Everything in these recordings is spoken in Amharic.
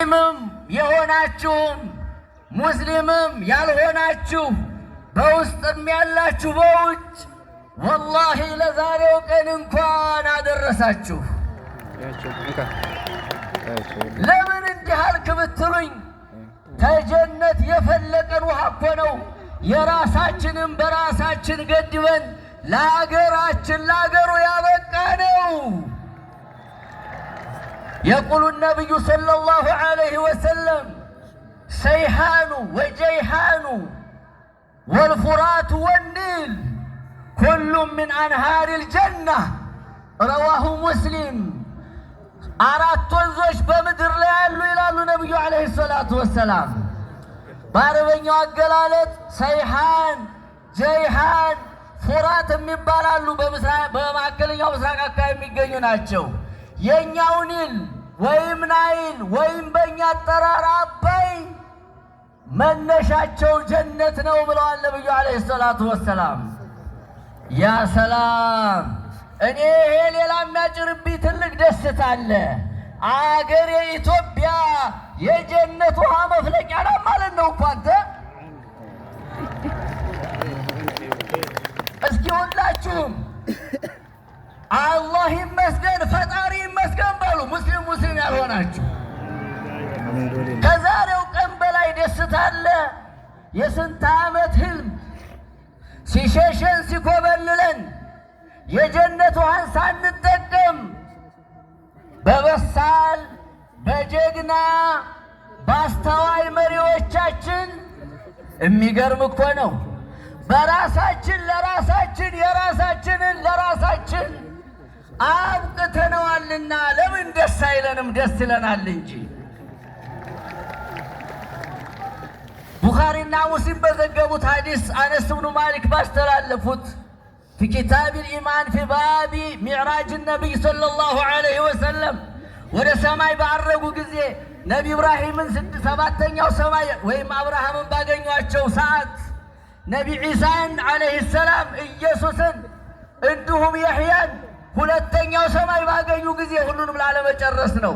ሙስሊምም የሆናችሁ ሙስሊምም ያልሆናችሁ በውስጥም ያላችሁ በውጭ ወላሂ ለዛሬው ቀን እንኳን አደረሳችሁ። ለምን እንዲህ አልክ ብትሉኝ ከጀነት የፈለቀን ውሃ እኮ ነው። የራሳችንን በራሳችን ገድበን ለአገራችን ለአገሩ ያበቃ ነው። የቁሉ ነቢዩ ሰለላሁ ዓለይሂ ወሰለም ሰይሓኑ ወጀይሓኑ ወልፉራቱ ወኒል ኩሉም ምን አንሃር ልጀና ረዋሁ ሙስሊም። አራት ወንዞች በምድር ላይ ያሉ ይላሉ ነቢዩ ዓለይሂ ሰላቱ ወሰላም። በአረበኛው አገላለጥ ሰይሃን ጀይሃን ፉራት የሚባላሉ በመካከለኛው ምስራቅ አካባቢ የሚገኙ ናቸው። የእኛው ኒል ወይም ናይል ወይም በእኛ አጠራር አባይ መነሻቸው ጀነት ነው ብለዋል ነብዩ አለይሂ ሰላቱ ወሰላም። ያ ሰላም! እኔ ይሄ ሌላ የሚያጭርብኝ ትልቅ ደስታ አለ። አገር የኢትዮጵያ የጀነት ውሃ መፍለቂያ ናት ማለት ነው እኮ አንተ። እስኪ ሁላችሁም አላህ ይመስገን ያሉ ሙስሊም ሙስሊም ያልሆናችሁ ከዛሬው ቀን በላይ ደስታ አለ። የስንት ዓመት ህልም ሲሸሸን ሲኮበልለን የጀነት ውሃን ሳንጠቀም በበሳል በጀግና በአስተዋይ መሪዎቻችን የሚገርም እኮ ነው። በራሳችን ለራሳችን የራሳችንን ለራሳችን አብቅተነዋልና ለምን ደስ አይለንም? ደስ ይለናል እንጂ። ቡኻሪና ሙስሊም በዘገቡት ሐዲስ አነስ ብኑ ማሊክ ባስተላለፉት ፊ ኪታብል ኢማን ፊ ባቢ ሚዕራጅ ነቢይ ሰለላሁ ዐለይሂ ወሰለም ወደ ሰማይ ባረጉ ጊዜ ነቢ ኢብራሂምን ሰባተኛው ሰማይ ወይም አብርሃምን ባገኟቸው ሰዓት ነቢ ዒሳን ዐለይሂ ሰላም ኢየሱስን እንዲሁም የሕያን ሁለተኛው ሰማይ ባገኙ ጊዜ ሁሉንም ላለመጨረስ ነው።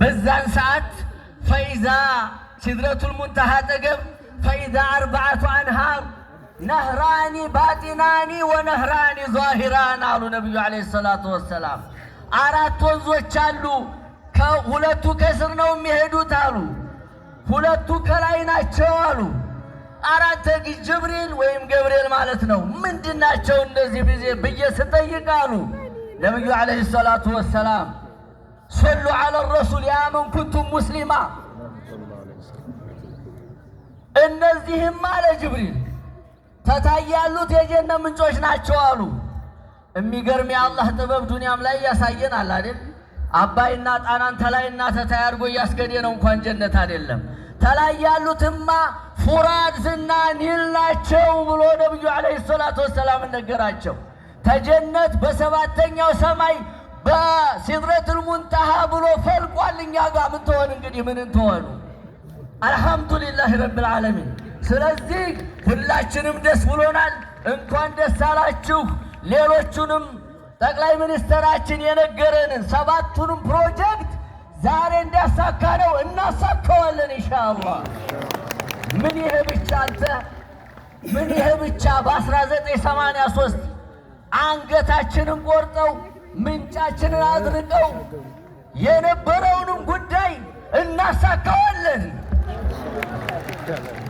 በዛን ሰዓት ፈይዛ ሲድረቱል ሙንተሃ አጠገብ ፈይዛ አርባዓቱ አንሃር ነህራኒ ባጢናኒ ወነህራኒ ዛሂራን አሉ ነቢዩ ዓለይሂ ሰላቱ ወሰላም። አራት ወንዞች አሉ፣ ሁለቱ ከስር ነው የሚሄዱት አሉ፣ ሁለቱ ከላይ ናቸው አሉ። አራተ ጅብሪል ወይም ገብርኤል ማለት ነው። ምንድናቸው እንደዚህ ጊዜ ብዬ ስጠይቅ አሉ ነቢዩ ዓለይሂ ሰላቱ ወሰላም ሰሉ ዐለ ረሱል ያመን ኩንቱም ሙስሊማ። እነዚህም አለ ጅብሪል ተታይ ያሉት የጀነ ምንጮች ናቸው አሉ። የሚገርም የአላህ ጥበብ ዱንያም ላይ ያሳየናል አይደል? አባይና ጣናን ተላይና ተታይ አድርጎ እያስገዴ ነው እንኳን ጀነት አይደለም። ተላይ ያሉትማ ፉራድና ኒል ናቸው ብሎ ነብዩ አለይሂ ሰላቱ ወሰላም ነገራቸው። ተጀነት በሰባተኛው ሰማይ በሲድረቱል ሙንተሃ ብሎ ፈልቋል። እኛ ጋር ምን ትሆን እንግዲህ ምን እንትሆኑ። አልሐምዱሊላህ ረብል ዓለሚን። ስለዚህ ሁላችንም ደስ ብሎናል። እንኳን ደስ አላችሁ ሌሎቹንም ጠቅላይ ሚኒስትራችን የነገረንን ሰባቱንም ፕሮጀክት ዛሬ ነው እናሳካዋለን ኢንሻአላህ። ምን ይሄ ብቻ አንተ ምን ይሄ ብቻ በ1983 አንገታችንን ቆርጠው ምንጫችንን አድርቀው የነበረውንም ጉዳይ እናሳካዋለን።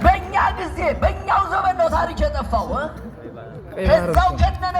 በእኛ ጊዜ በእኛው ዘመን ነው ታሪክ የጠፋው ከዛው ከነ